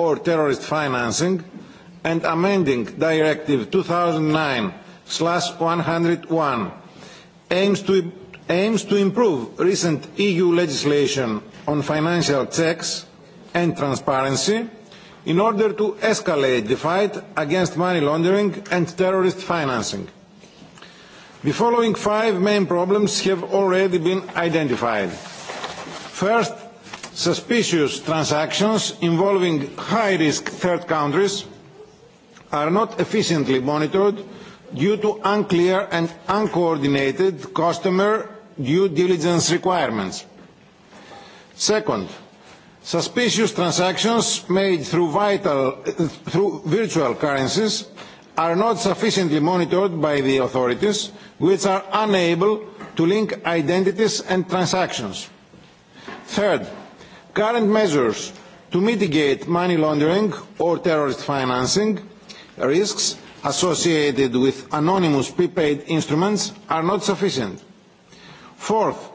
or terrorist financing and amending Directive two thousand nine one hundred one aims to, aims to improve recent EU legislation on financial checks and transparency in order to escalate the fight against money laundering and terrorist financing. The following five main problems have already been identified. First, Suspicious transactions involving high-risk third countries are not efficiently monitored due to unclear and uncoordinated customer due diligence requirements. Second, suspicious transactions made through, vital, through virtual currencies are not sufficiently monitored by the authorities, which are unable to link identities and transactions. Third, Current measures to mitigate money laundering or terrorist financing risks associated with anonymous prepaid instruments are not sufficient. Fourth,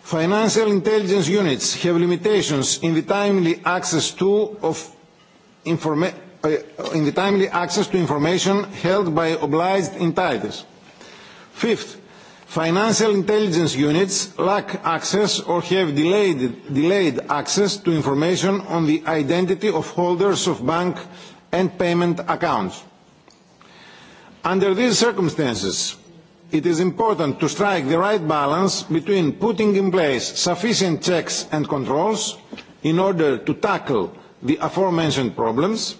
financial intelligence units have limitations in the timely access to, of informa uh, in the timely access to information held by obliged entities. Fifth, Financial intelligence units lack access or have delayed, delayed access to information on the identity of holders of bank and payment accounts. Under these circumstances, it is important to strike the right balance between putting in place sufficient checks and controls in order to tackle the aforementioned problems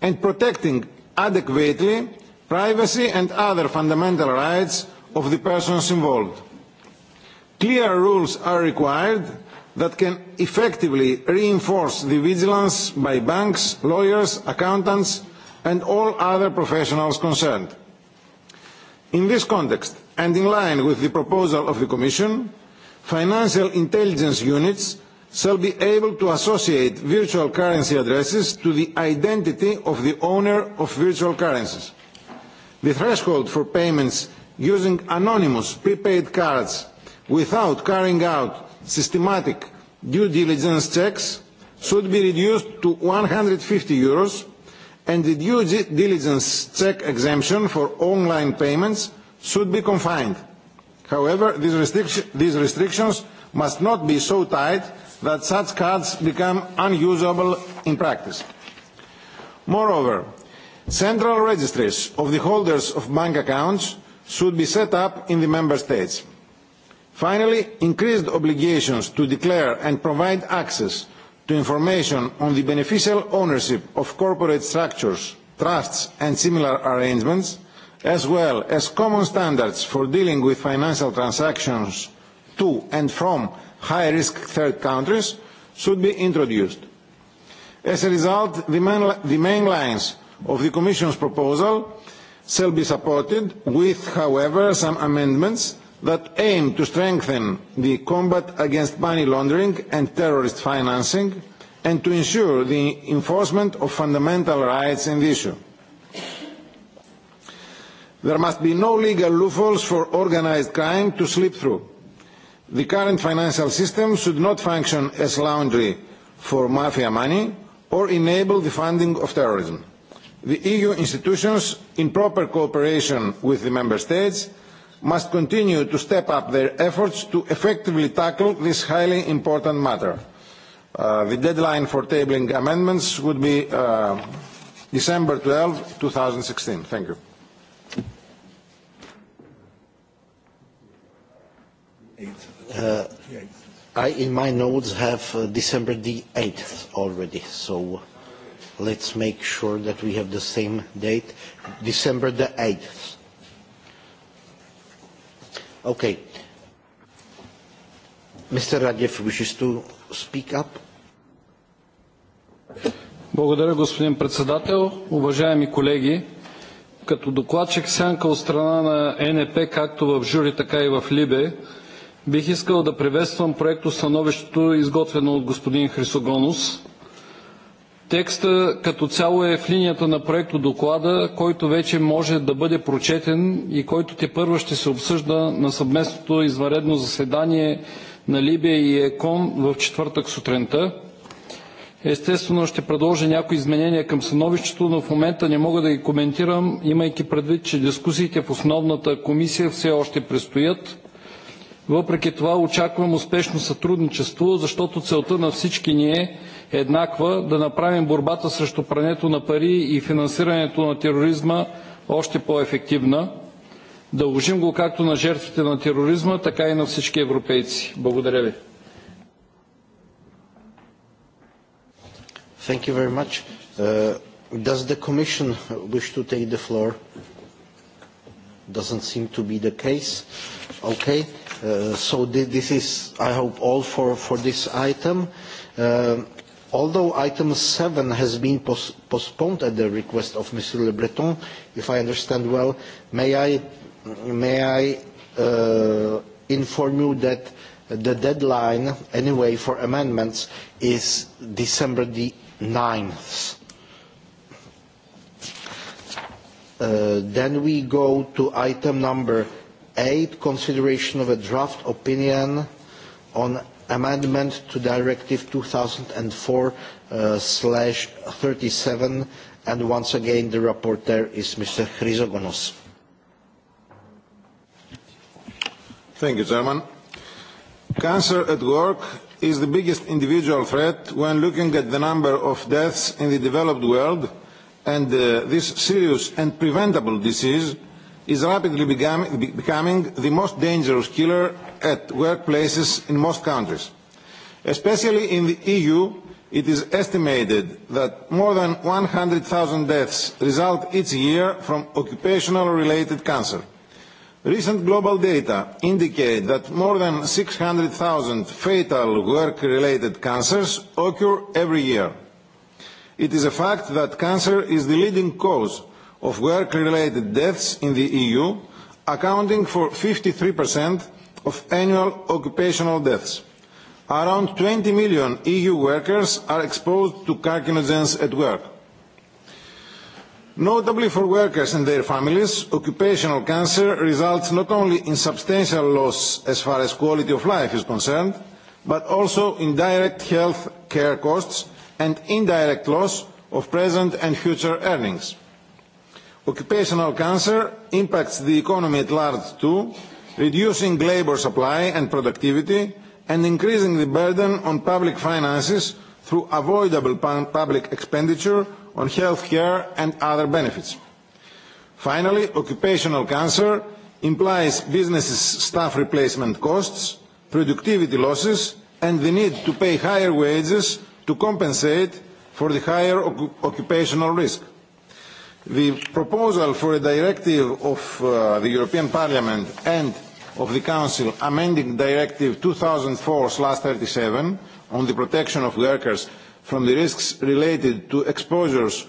and protecting adequately privacy and other fundamental rights of the persons involved. Clear rules are required that can effectively reinforce the vigilance by banks, lawyers, accountants and all other professionals concerned. In this context, and in line with the proposal of the Commission, financial intelligence units shall be able to associate virtual currency addresses to the identity of the owner of virtual currencies. The threshold for payments using anonymous prepaid cards without carrying out systematic due diligence checks should be reduced to 150 euros and the due diligence check exemption for online payments should be confined. However, these, restric these restrictions must not be so tight that such cards become unusable in practice. Moreover, central registries of the holders of bank accounts should be set up in the Member States. Finally, increased obligations to declare and provide access to information on the beneficial ownership of corporate structures, trusts and similar arrangements, as well as common standards for dealing with financial transactions to and from high-risk third countries should be introduced. As a result, the main, lines of the Commission's proposal shall be supported with, however, some amendments that aim to strengthen the combat against money laundering and terrorist financing and to ensure the enforcement of fundamental rights in the issue. There must be no legal loopholes for organised crime to slip through. The current financial system should not function as laundry for mafia money or enable the funding of terrorism. The EU institutions, in proper cooperation with the Member States, must continue to step up their efforts to effectively tackle this highly important matter. Uh, the deadline for tabling amendments would be uh, December 12, 2016. Thank you. Uh, I, in my notes, have uh, December the 8th already, so let's make sure that we have the same date, December the 8th. Okay. Mr. Radjev wishes to speak up. Благодаря, господин председател. Уважаеми колеги, като докладчик сянка от страна на НП, както в жюри, така и в Либе, бих искал да приветствам проекто становището, изготвено от господин Хрисогонус Текста като цяло е в линията на проекто доклада, който вече може да бъде прочетен и който те първо ще се обсъжда на съвместното изваредно заседание на Либия и ЕКОН в четвъртък сутринта. Естествено ще предложа някои изменения към становището, но в момента не мога да ги коментирам, имайки предвид, че дискусиите в основната комисия все още предстоят Въпреки това очаквам успешно сътрудничество, защото целта на всички ни е еднаква да направим борбата срещу прането на пари и финансирането на тероризма още по-ефективна. Дължим го както на жертвите на тероризма, така и на всички европейци. Благодаря ви. Thank you very much. Uh, does the Commission wish to take the floor? Doesn't seem to be the case. Okay. Uh, so th this is, I hope, all for, for this item. Uh, although item 7 has been pos postponed at the request of Mr. Le Breton, if I understand well, may I, may I uh, inform you that the deadline, anyway, for amendments is December the 9th. Uh, then we go to item number 8, consideration of a draft opinion on amendment to Directive 2004/37, uh, and once again, the rapporteur is Mr. Chrysogonos. Thank you, Chairman. Cancer at work is the biggest individual threat when looking at the number of deaths in the developed world, and uh, this serious and preventable disease is rapidly becoming, the most dangerous killer at workplaces in most countries. Especially in the EU, it is estimated that more than 100,000 deaths result each year from occupational-related cancer. Recent global data indicate that more than 600,000 fatal work-related cancers occur every year. It is a fact that cancer is the leading cause of work-related deaths in the EU, accounting for 53% of annual occupational deaths. Around 20 million EU workers are exposed to carcinogens at work. Notably for workers and their families, occupational cancer results not only in substantial loss as far as quality of life is concerned, but also in direct health care costs and indirect loss of present and future earnings. Occupational cancer impacts the economy at large too, reducing labour supply and productivity and increasing the burden on public finances through avoidable public expenditure on health care and other benefits. Finally, occupational cancer implies businesses' staff replacement costs, productivity losses and the need to pay higher wages to compensate for the higher occupational risk. The proposal for a directive of uh, the European Parliament and of the Council amending Directive 2004-37 on the protection of workers from the risks related to exposures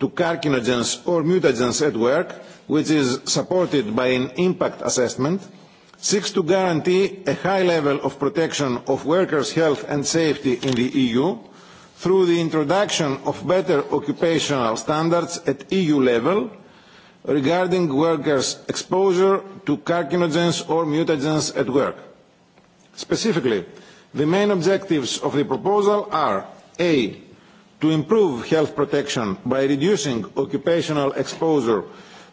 to carcinogens or mutagens at work, which is supported by an impact assessment, seeks to guarantee a high level of protection of workers' health and safety in the EU through the introduction of better occupational standards at EU level regarding workers' exposure to carcinogens or mutagens at work. Specifically, the main objectives of the proposal are A. To improve health protection by reducing occupational exposure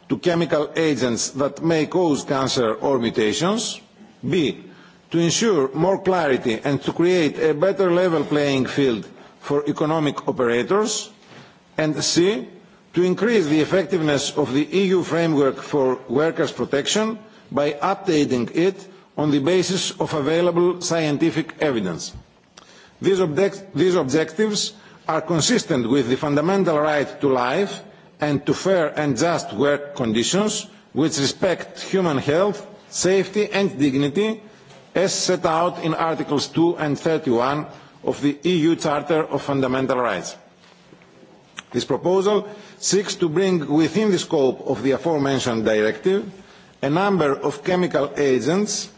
to chemical agents that may cause cancer or mutations. B. To ensure more clarity and to create a better level playing field for economic operators, and C, to increase the effectiveness of the EU framework for workers' protection by updating it on the basis of available scientific evidence. These, object these objectives are consistent with the fundamental right to life and to fair and just work conditions which respect human health, safety and dignity as set out in Articles 2 and 31 of the EU Charter of Fundamental Rights. This proposal seeks to bring within the scope of the aforementioned directive a number of chemical agents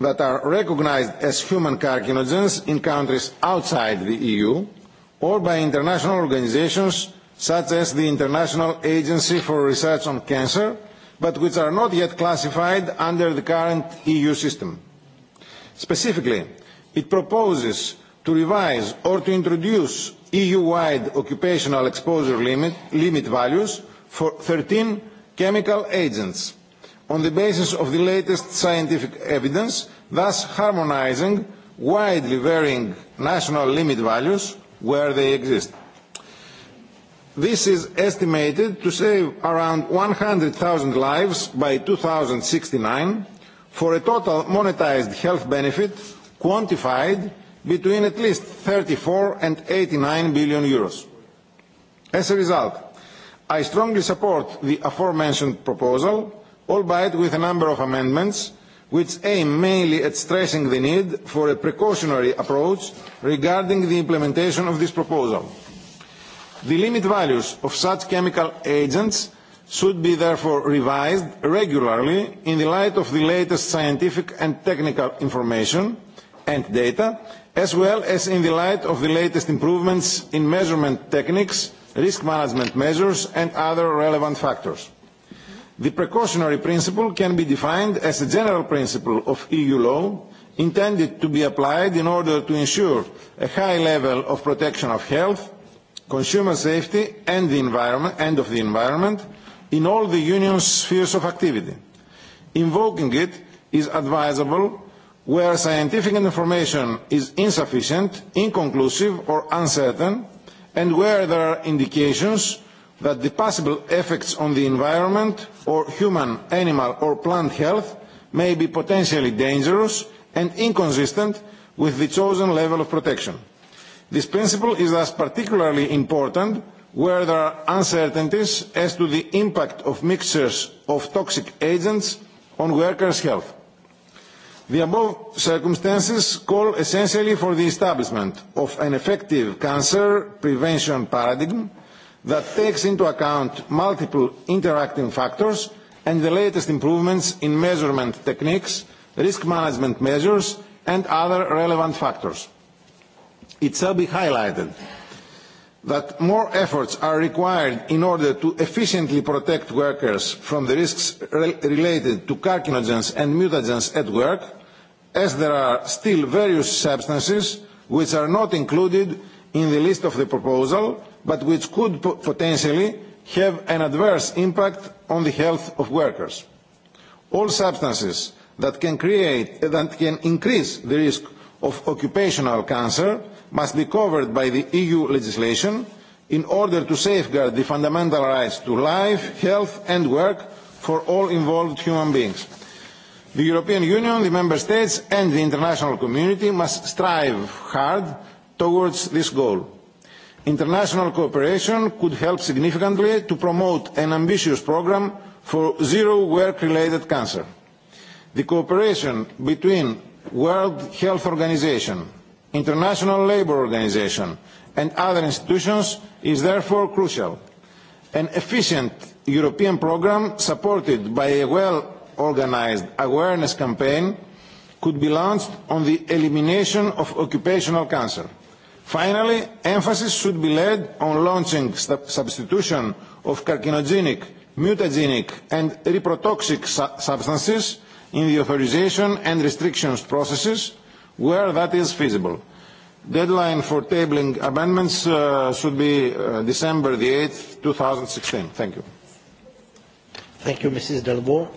that are recognised as human carcinogens in countries outside the EU or by international organisations such as the International Agency for Research on Cancer, but which are not yet classified under the current EU system. Specifically, It proposes to revise or to introduce EU-wide occupational exposure limit, limit values for 13 chemical agents on the basis of the latest scientific evidence, thus harmonizing widely varying national limit values where they exist. This is estimated to save around 100,000 lives by 2069 for a total monetized health benefit quantified between at least 34 and 89 billion euros. As a result, I strongly support the aforementioned proposal, albeit with a number of amendments, which aim mainly at stressing the need for a precautionary approach regarding the implementation of this proposal. The limit values of such chemical agents should be therefore revised regularly in the light of the latest scientific and technical information and data, as well as in the light of the latest improvements in measurement techniques, risk management measures and other relevant factors. The precautionary principle can be defined as a general principle of EU law intended to be applied in order to ensure a high level of protection of health, consumer safety and the environment and of the environment in all the union's spheres of activity. Invoking it is advisable where scientific information is insufficient, inconclusive or uncertain, and where there are indications that the possible effects on the environment or human, animal or plant health may be potentially dangerous and inconsistent with the chosen level of protection. This principle is thus particularly important where there are uncertainties as to the impact of mixtures of toxic agents on workers' health. The above circumstances call essentially for the establishment of an effective cancer prevention paradigm that takes into account multiple interacting factors and the latest improvements in measurement techniques, risk management measures and other relevant factors. It shall be highlighted that more efforts are required in order to efficiently protect workers from the risks re related to carcinogens and mutagens at work, as there are still various substances which are not included in the list of the proposal, but which could potentially have an adverse impact on the health of workers. All substances that can, create, that can increase the risk of occupational cancer must be covered by the EU legislation in order to safeguard the fundamental rights to life, health and work for all involved human beings. The European Union, the Member States and the international community must strive hard towards this goal. International cooperation could help significantly to promote an ambitious programme for zero work-related cancer. The cooperation between World Health Organization, International Labour Organization, and other institutions is therefore crucial. An efficient European programme supported by a well-organized awareness campaign could be launched on the elimination of occupational cancer. Finally, emphasis should be laid on launching substitution of carcinogenic, mutagenic and reprotoxic su substances in the authorization and restrictions processes where that is feasible. Deadline for tabling amendments uh, should be uh, December the 8th, 2016. Thank you. Thank you, Mrs. Delbo.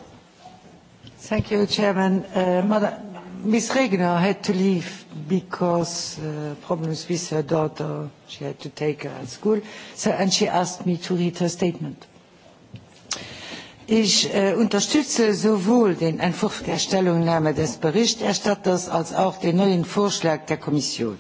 Thank you, Chairman. Uh, Mother, Ms. Regner had to leave because uh, problems with her daughter. She had to take her at school, so, and she asked me to read her statement. Ich äh, unterstütze sowohl den Entwurf der Stellungnahme des Berichterstatters als auch den neuen Vorschlag der Kommission.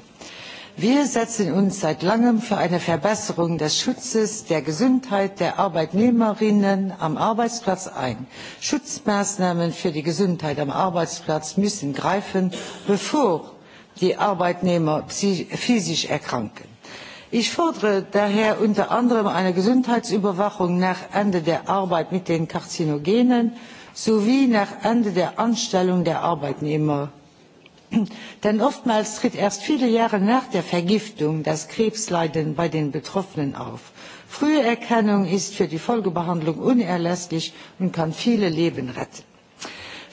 Wir setzen uns seit langem für eine Verbesserung des Schutzes der Gesundheit der Arbeitnehmerinnen am Arbeitsplatz ein. Schutzmaßnahmen für die Gesundheit am Arbeitsplatz müssen greifen, bevor die Arbeitnehmer physisch erkranken. Ich fordere daher unter anderem eine Gesundheitsüberwachung nach Ende der Arbeit mit den Karzinogenen sowie nach Ende der Anstellung der Arbeitnehmer. Denn oftmals tritt erst viele Jahre nach der Vergiftung das Krebsleiden bei den Betroffenen auf. Frühe Erkennung ist für die Folgebehandlung unerlässlich und kann viele Leben retten.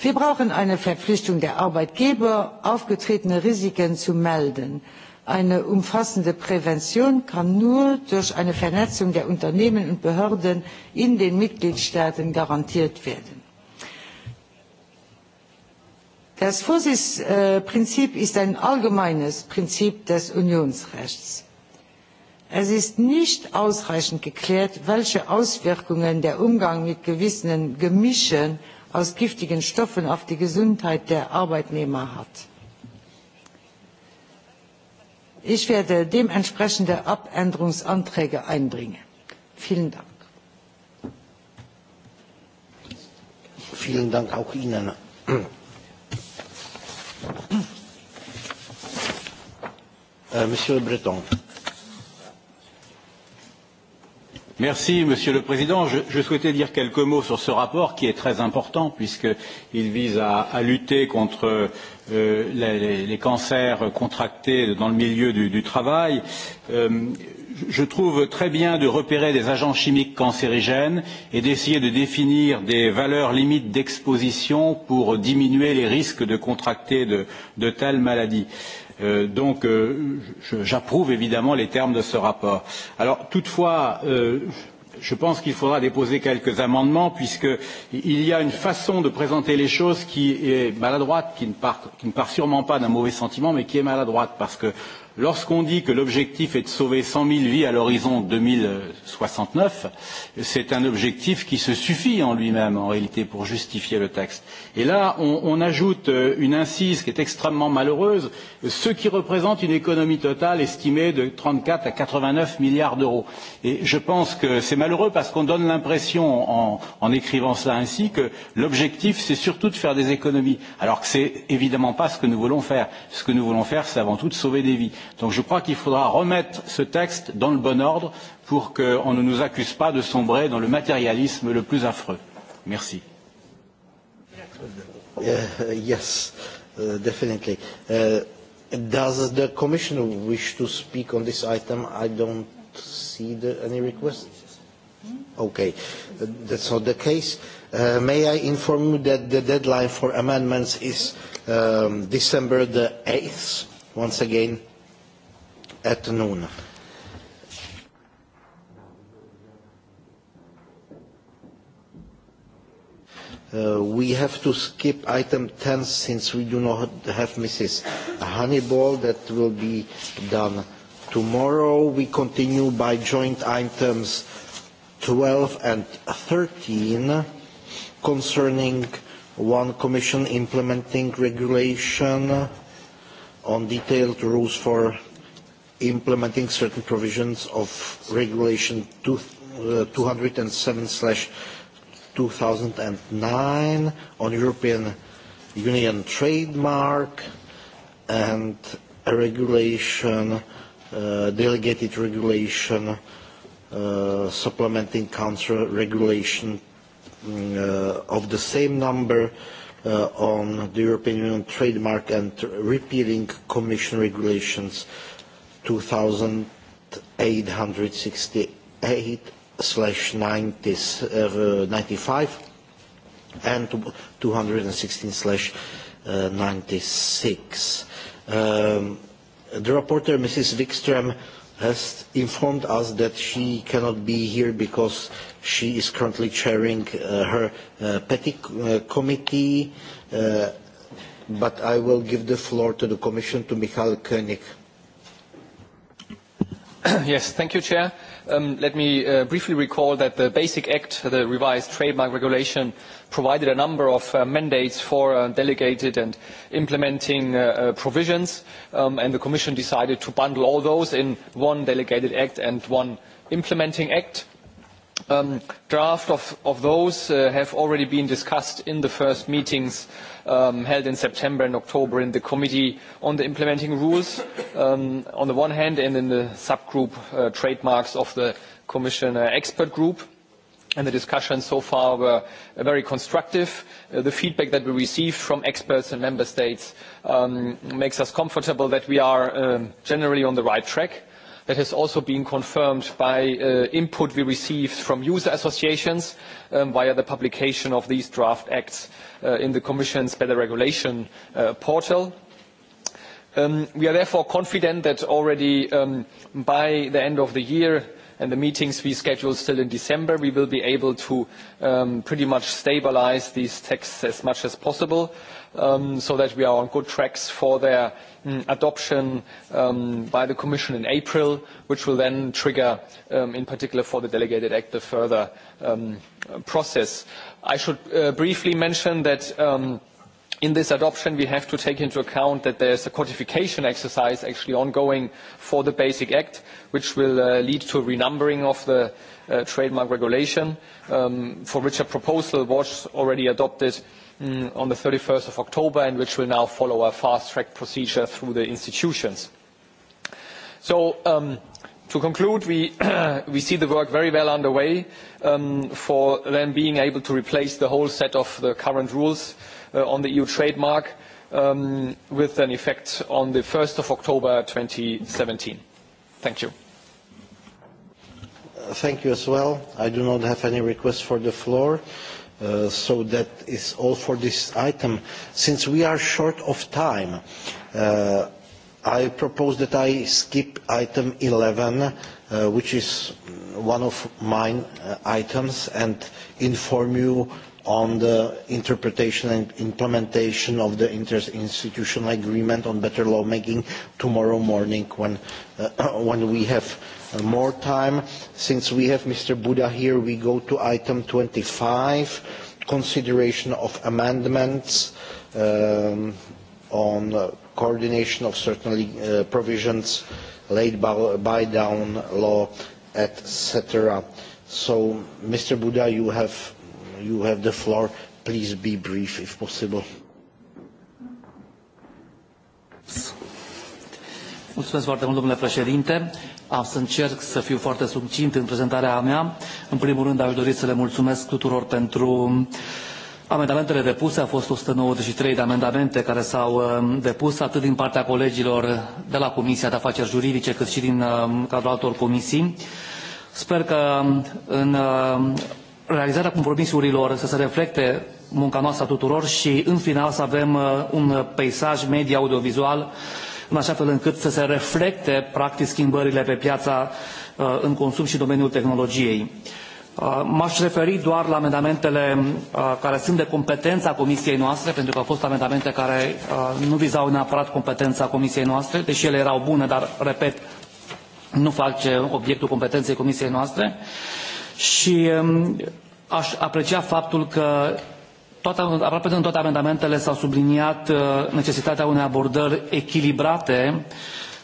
Wir brauchen eine Verpflichtung der Arbeitgeber, aufgetretene Risiken zu melden. Eine umfassende Prävention kann nur durch eine Vernetzung der Unternehmen und Behörden in den Mitgliedstaaten garantiert werden. Das Vorsichtsprinzip ist ein allgemeines Prinzip des Unionsrechts. Es ist nicht ausreichend geklärt, welche Auswirkungen der Umgang mit gewissen Gemischen aus giftigen Stoffen auf die Gesundheit der Arbeitnehmer hat. Ich werde dementsprechende Abänderungsanträge einbringen. Vielen Dank. Vielen Dank auch Ihnen. Äh, Monsieur Breton. Merci, Monsieur le Président. Je, je souhaitais dire quelques mots sur ce rapport qui est très important puisqu'il vise à, à lutter contre euh, les, les cancers contractés dans le milieu du, du travail. Euh, je trouve très bien de repérer des agents chimiques cancérigènes et d'essayer de définir des valeurs limites d'exposition pour diminuer les risques de contracter de, de telles maladies. Euh, Euh, donc, euh, j'approuve évidemment les termes de ce rapport. Alors, toutefois, euh, je pense qu'il faudra déposer quelques amendements puisqu'il y a une façon de présenter les choses qui est maladroite, qui ne part, qui ne part sûrement pas d'un mauvais sentiment, mais qui est maladroite parce que Lorsqu'on dit que l'objectif est de sauver 100 000 vies à l'horizon 2069, c'est un objectif qui se suffit en lui-même, en réalité, pour justifier le texte. Et là, on, on ajoute euh, une incise qui est extrêmement malheureuse, ce qui représente une économie totale estimée de 34 à 89 milliards d'euros. Et je pense que c'est malheureux parce qu'on donne l'impression, en, en écrivant cela ainsi, que l'objectif, c'est surtout de faire des économies, alors que ce n'est évidemment pas ce que nous voulons faire. Ce que nous voulons faire, c'est avant tout de sauver des vies. Donc je crois qu'il faudra remettre ce texte dans le bon ordre pour qu'on ne nous accuse pas de sombrer dans le matérialisme le plus affreux. Merci. Uh, yes, uh, definitely. Uh, does the Commissioner wish to speak on this item? I don't see the, any request. Okay, uh, that's not the case. Uh, may I inform you that the deadline for amendments is um, December the 8th, once again, at Uh, we have to skip item 10 since we do not have Mrs. Honeyball. That will be done tomorrow. We continue by joint items 12 and 13 concerning one Commission implementing regulation on detailed rules for implementing certain provisions of Regulation two, uh, 207-2009 on European Union trademark and a regulation, uh, delegated regulation uh, supplementing council regulation mm, uh, of the same number uh, on the European Union trademark and repealing Commission regulations 2868 slash 95 uh, and 216 slash 96. Uh, um, the reporter, Mrs. Wikström, has informed us that she cannot be here because she is currently chairing uh, her uh, petty uh, committee, uh, but I will give the floor to the Commission, to Michael Koenig. yes, thank you, Chair. Um, let me uh, briefly recall that the Basic Act, the revised trademark regulation, provided a number of uh, mandates for uh, delegated and implementing uh, uh, provisions, um, and the Commission decided to bundle all those in one delegated act and one implementing act. Um, draft of, of those uh, have already been discussed in the first meetings um, held in September and October in the Committee on the Implementing Rules um, on the one hand and in the subgroup uh, trademarks of the Commission uh, Expert Group and the discussions so far were uh, very constructive. Uh, the feedback that we received from experts and member states um, makes us comfortable that we are um, generally on the right track. That has also been confirmed by uh, input we received from user associations um, via the publication of these draft acts uh, in the Commission's Better Regulation uh, portal. Um, we are therefore confident that already um, by the end of the year and the meetings we schedule still in December, we will be able to um, pretty much stabilize these texts as much as possible um, so that we are on good tracks for their um, adoption um, by the Commission in April, which will then trigger, um, in particular for the Delegated Act, the further um, process. I should uh, briefly mention that um, in this adoption, we have to take into account that there is a codification exercise actually ongoing for the Basic Act, which will uh, lead to a renumbering of the uh, trademark regulation, um, for which a proposal was already adopted um, on the 31st of October and which will now follow a fast-track procedure through the institutions. So, um, To conclude, we, we see the work very well underway um, for then being able to replace the whole set of the current rules Uh, on the EU trademark um, with an effect on the 1st of October 2017. Thank you. Uh, thank you as well. I do not have any requests for the floor. Uh, so that is all for this item. Since we are short of time, uh, I propose that I skip item 11, uh, which is one of mine uh, items, and inform you on the interpretation and implementation of the interinstitutional agreement on better lawmaking tomorrow morning when, uh, when we have uh, more time. Since we have Mr. Buddha here, we go to item 25, consideration of amendments um, on uh, coordination of certain uh, provisions laid by, by down law, etc. So, Mr. Buddha, you have you have the floor. Please be brief if possible. Mulțumesc foarte mult, domnule președinte. Am ah, să încerc să fiu foarte succint în prezentarea mea. În primul rând, aș dori să le mulțumesc tuturor pentru amendamentele depuse. Au fost 193 de amendamente care s-au uh, depus atât din partea colegilor de la Comisia de Afaceri Juridice, cât și din uh, cadrul altor comisii. Sper că um, în uh, realizarea compromisurilor să se reflecte munca noastră a tuturor și în final să avem uh, un peisaj media audiovizual în așa fel încât să se reflecte practic schimbările pe piața uh, în consum și domeniul tehnologiei. Uh, m-aș referi doar la amendamentele care sunt de competența comisiei noastre, pentru că au fost amendamente care nu vizau neapărat competența comisiei noastre, deși ele erau bune, dar, repet, nu face obiectul competenței comisiei noastre și um, aș aprecia faptul că toată, aproape în toate amendamentele s-au subliniat uh, necesitatea unei abordări echilibrate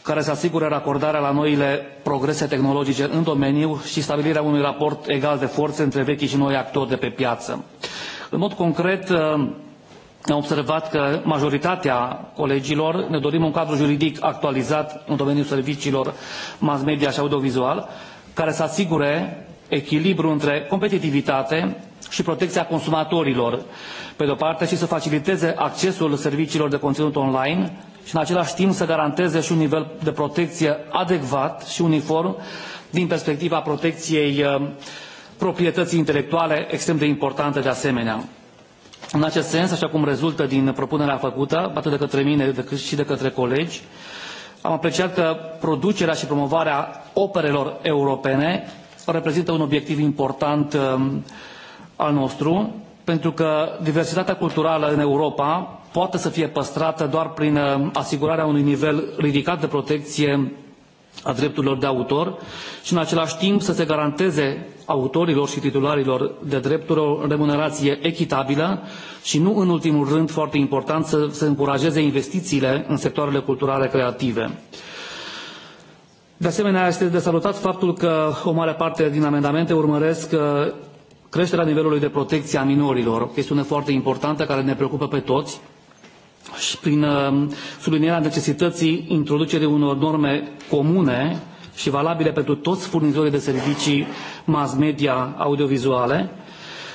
care să asigure racordarea la noile progrese tehnologice în domeniu și stabilirea unui raport egal de forțe între vechi și noi actori de pe piață. În mod concret, uh, am observat că majoritatea colegilor ne dorim un cadru juridic actualizat în domeniul serviciilor mass media și audiovizual, care să asigure echilibru între competitivitate și protecția consumatorilor, pe de-o parte, și să faciliteze accesul serviciilor de conținut online și, în același timp, să garanteze și un nivel de protecție adecvat și uniform din perspectiva protecției uh, proprietății intelectuale, extrem de importantă de asemenea. În acest sens, așa cum rezultă din propunerea făcută, atât de către mine cât și de către colegi, am apreciat că producerea și promovarea operelor europene reprezintă un obiectiv important um, al nostru, pentru că diversitatea culturală în Europa poate să fie păstrată doar prin um, asigurarea unui nivel ridicat de protecție a drepturilor de autor și în același timp să se garanteze autorilor și titularilor de drepturi o remunerație echitabilă și nu în ultimul rând foarte important să se încurajeze investițiile în sectoarele culturale creative. De asemenea, este de salutat faptul că o mare parte din amendamente urmăresc uh, creșterea nivelului de protecție a minorilor, o chestiune foarte importantă care ne preocupă pe toți și prin uh, sublinierea necesității introducerii unor norme comune și valabile pentru toți furnizorii de servicii mass media audiovizuale,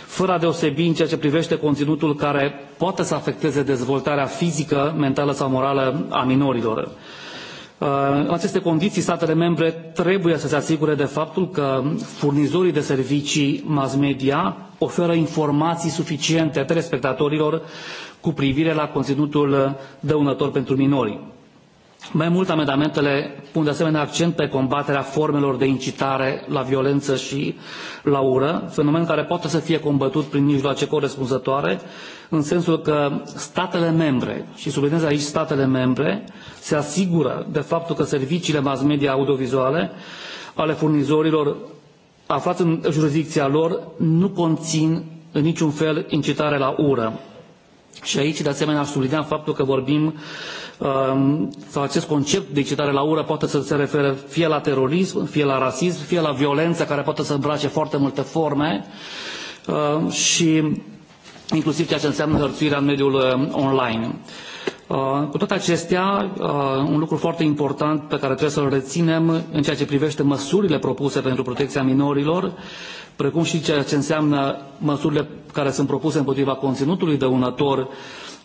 fără a deosebi în ceea ce privește conținutul care poate să afecteze dezvoltarea fizică, mentală sau morală a minorilor. În aceste condiții, statele membre trebuie să se asigure de faptul că furnizorii de servicii mass media oferă informații suficiente telespectatorilor cu privire la conținutul dăunător pentru minori. Mai mult, amendamentele pun de asemenea accent pe combaterea formelor de incitare la violență și la ură, fenomen care poate să fie combătut prin mijloace corespunzătoare, în sensul că statele membre, și sublinez aici statele membre, se asigură de faptul că serviciile mass media audiovizuale ale furnizorilor aflați în jurisdicția lor nu conțin în niciun fel incitare la ură. Și aici, de asemenea, aș sublinea faptul că vorbim um, sau acest concept de incitare la ură poate să se refere fie la terorism, fie la rasism, fie la violență, care poate să îmbrace foarte multe forme um, și inclusiv ceea ce înseamnă hărțuirea în mediul um, online. Uh, cu toate acestea, uh, un lucru foarte important pe care trebuie să-l reținem în ceea ce privește măsurile propuse pentru protecția minorilor, precum și ceea ce înseamnă măsurile care sunt propuse împotriva conținutului dăunător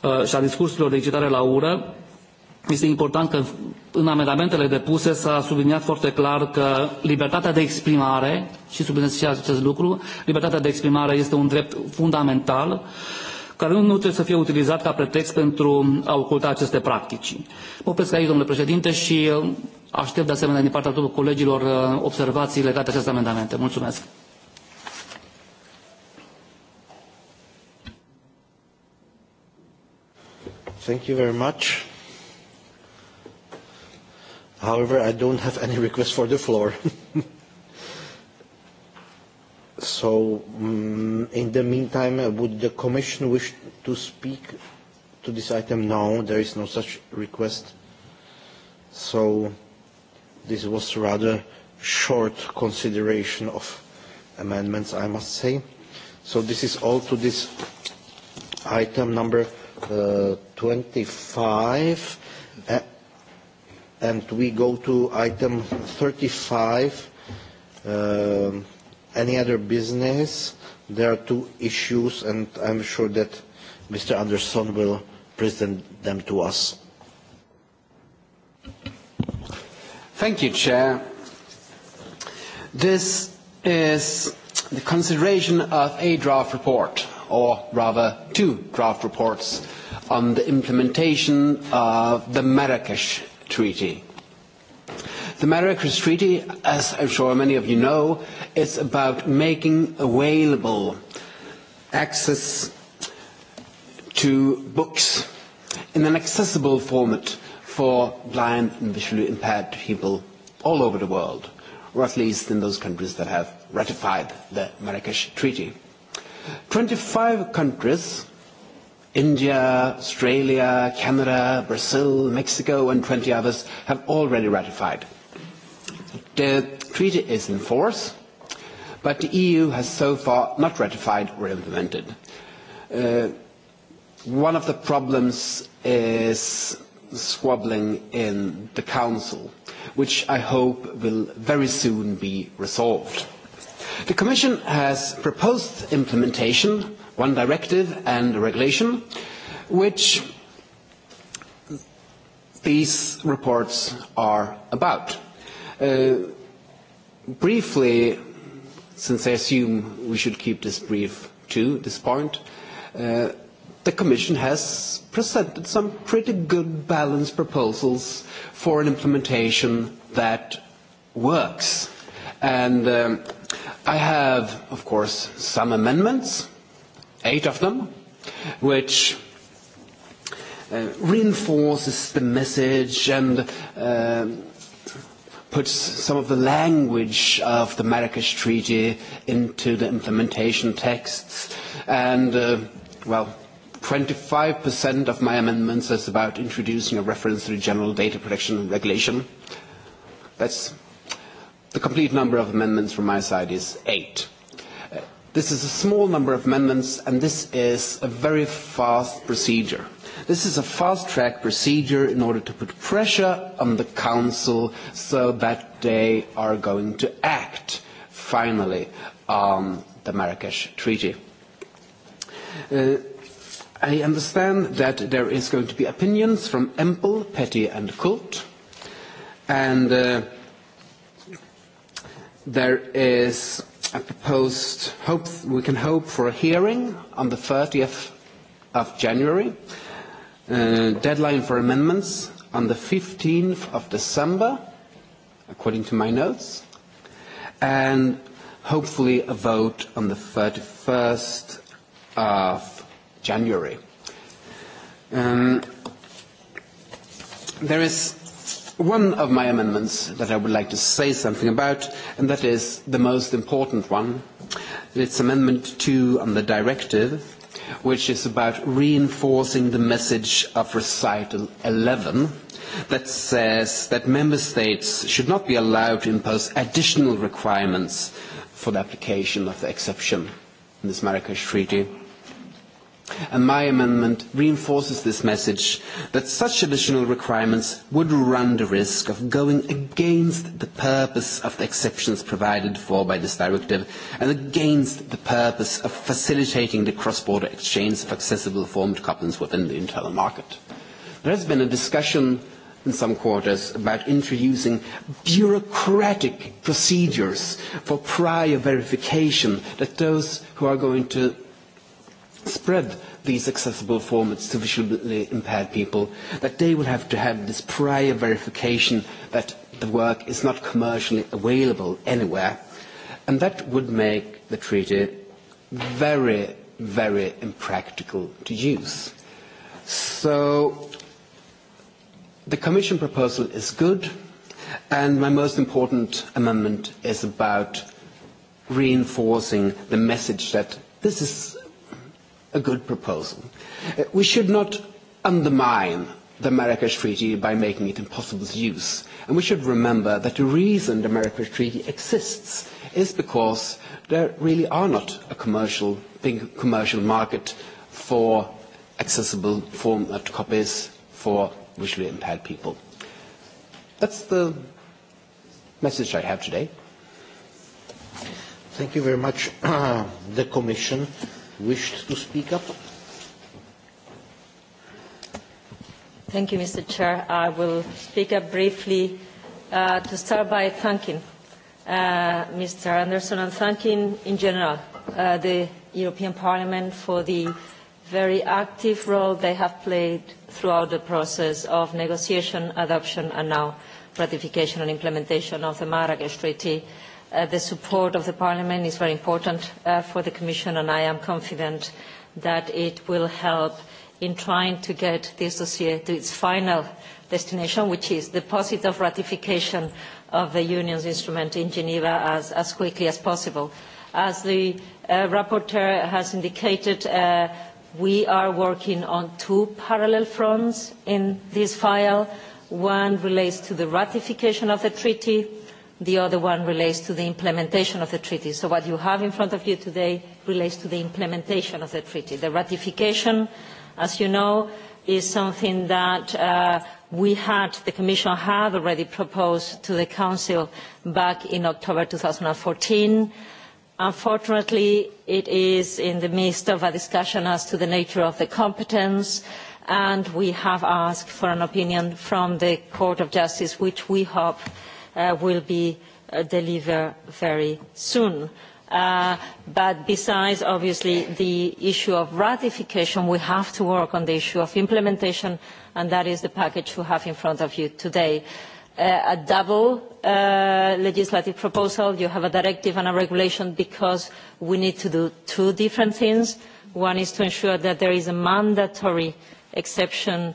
uh, și a discursurilor de incitare la ură, este important că în amendamentele depuse s-a subliniat foarte clar că libertatea de exprimare, și subliniez și acest lucru, libertatea de exprimare este un drept fundamental uh, care nu trebuie să fie utilizat ca pretext pentru a oculta aceste practici. Mă opresc aici, domnule președinte, și aștept de asemenea din partea tuturor colegilor uh, observații legate de aceste amendamente. Mulțumesc! Thank you very much. However, I don't have any request for the floor. So, um, in the meantime, uh, would the Commission wish to speak to this item? No, there is no such request. So, this was rather short consideration of amendments, I must say. So, this is all to this item number uh, 25. Uh, and we go to item 35. uh, um, any other business? There are two issues, and I'm sure that Mr. Anderson will present them to us. Thank you, Chair. This is the consideration of a draft report, or rather two draft reports, on the implementation of the Marrakesh Treaty. The Marrakesh Treaty, as I'm sure many of you know, is about making available access to books in an accessible format for blind and visually impaired people all over the world, or at least in those countries that have ratified the Marrakesh Treaty. 25 countries, India, Australia, Canada, Brazil, Mexico, and 20 others, have already ratified The treaty is in force, but the EU has so far not ratified or implemented. Uh, one of the problems is squabbling in the Council, which I hope will very soon be resolved. The Commission has proposed implementation, one directive and a regulation, which these reports are about. Uh, briefly, since I assume we should keep this brief to this point, uh, the Commission has presented some pretty good balanced proposals for an implementation that works. And um, I have, of course, some amendments, eight of them, which uh, reinforces the message and uh, puts some of the language of the Marrakesh Treaty into the implementation texts. And, uh, well, 25% of my amendments is about introducing a reference to the General Data Protection Regulation. That's the complete number of amendments from my side is eight. this is a small number of amendments, and this is a very fast procedure. This is a fast-track procedure in order to put pressure on the Council so that they are going to act finally on the Marrakesh Treaty. Uh, I understand that there is going to be opinions from Empel, Petty and Kult, and uh, there is a proposed hope we can hope for a hearing on the 30th of January Uh, deadline for amendments on the 15th of December, according to my notes, and hopefully a vote on the 31st of January. Um, there is one of my amendments that I would like to say something about, and that is the most important one. It's Amendment 2 on the directive which is about reinforcing the message of recital 11 that says that member states should not be allowed to impose additional requirements for the application of the exception in this Marrakesh Treaty. And my amendment reinforces this message that such additional requirements would run the risk of going against the purpose of the exceptions provided for by this directive and against the purpose of facilitating the cross-border exchange of accessible formed couplings within the internal market. There has been a discussion in some quarters about introducing bureaucratic procedures for prior verification that those who are going to spread these accessible formats to visually impaired people, that they will have to have this prior verification that the work is not commercially available anywhere. And that would make the treaty very, very impractical to use. So the Commission proposal is good, and my most important amendment is about reinforcing the message that this is a good proposal. Uh, we should not undermine the Marrakesh Treaty by making it impossible to use. And we should remember that the reason the Marrakesh Treaty exists is because there really are not a commercial, big commercial market for accessible format copies for visually impaired people. That's the message I have today. Thank you very much, the Commission wished to speak up? Thank you, Mr. Chair. I will speak up briefly uh, to start by thanking uh, Mr. Anderson and thanking in general uh, the European Parliament for the very active role they have played throughout the process of negotiation, adoption and now ratification and implementation of the Marrakesh Treaty uh, the support of the Parliament is very important uh, for the Commission and I am confident that it will help in trying to get this dossier to its final destination, which is the positive ratification of the Union's instrument in Geneva as, as quickly as possible. As the uh, rapporteur has indicated, uh, we are working on two parallel fronts in this file. One relates to the ratification of the treaty, The other one relates to the implementation of the treaty. So what you have in front of you today relates to the implementation of the treaty. The ratification, as you know, is something that uh, we had, the Commission had already proposed to the Council back in October 2014. Unfortunately, it is in the midst of a discussion as to the nature of the competence, and we have asked for an opinion from the Court of Justice, which we hope uh, will be uh, delivered very soon. Uh, but besides, obviously, the issue of ratification, we have to work on the issue of implementation, and that is the package you have in front of you today. Uh, a double uh, legislative proposal, you have a directive and a regulation because we need to do two different things. One is to ensure that there is a mandatory exception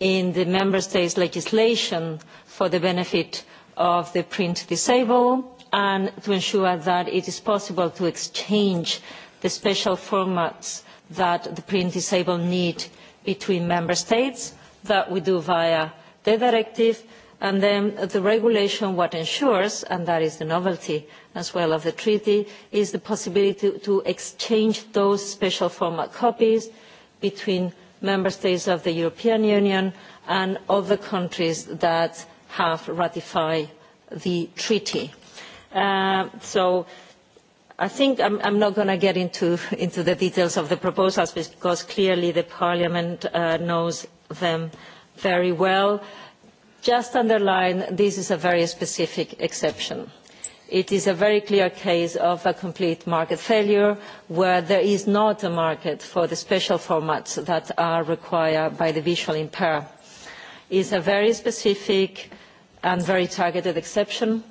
in the member states' legislation for the benefit of the print disabled and to ensure that it is possible to exchange the special formats that the print disabled need between member states that we do via the directive and then the regulation what ensures and that is the novelty as well of the treaty is the possibility to, to exchange those special format copies between member states of the European Union and other countries that have ratified the treaty. Uh, so I think I'm, I'm not going to get into, into the details of the proposals because clearly the Parliament uh, knows them very well. Just underline this is a very specific exception. It is a very clear case of a complete market failure where there is not a market for the special formats that are required by the visual impair. It is a very specific uh, and very targeted exception.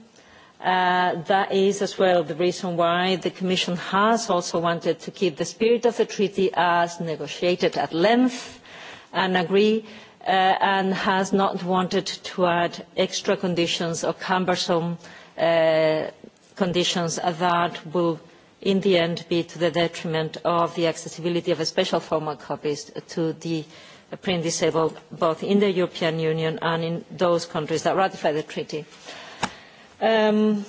Uh, that is as well the reason why the Commission has also wanted to keep the spirit of the treaty as negotiated at length and agree uh, and has not wanted to add extra conditions or cumbersome uh, conditions that will in the end be to the detriment of the accessibility of special format copies to the uh, print disabled both in the European Union and in those countries that ratify the treaty. Um,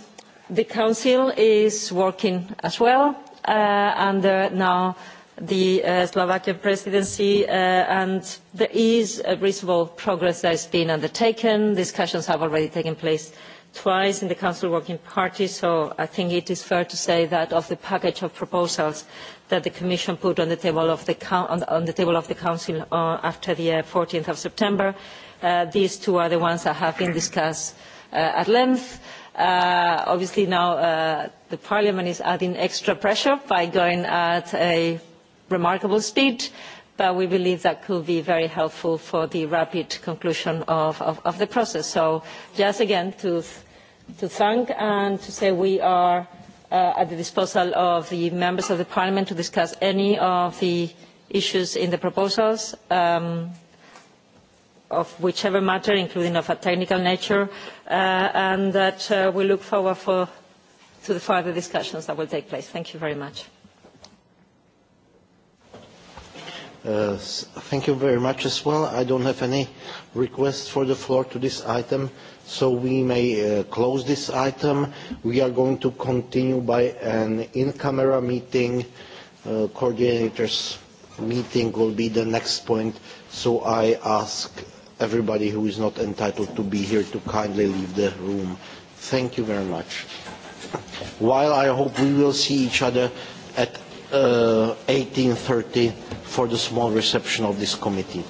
the Council is working as well uh, under now the uh, Slovakian presidency uh, and there is a reasonable progress that has been undertaken. Discussions have already taken place twice in the Council Working Party, so I think it is fair to say that of the package of proposals that the Commission put on the table of the, on, on the, table of the Council uh, after the uh, 14th of September, uh, these two are the ones that have been discussed uh, at length. Uh, obviously now uh, the Parliament is adding extra pressure by going at a remarkable speed. Uh, but we believe that could be very helpful for the rapid conclusion of, of, of the process. So just again to, to thank and to say we are uh, at the disposal of the members of the parliament to discuss any of the issues in the proposals um, of whichever matter, including of a technical nature, uh, and that uh, we look forward for, to the further discussions that will take place. Thank you very much. Uh, thank you very much as well. I don't have any requests for the floor to this item, so we may uh, close this item. We are going to continue by an in-camera meeting. Uh, coordinators meeting will be the next point, so I ask everybody who is not entitled to be here to kindly leave the room. Thank you very much. While I hope we will see each other at uh, 18.30 for the small reception of this committee.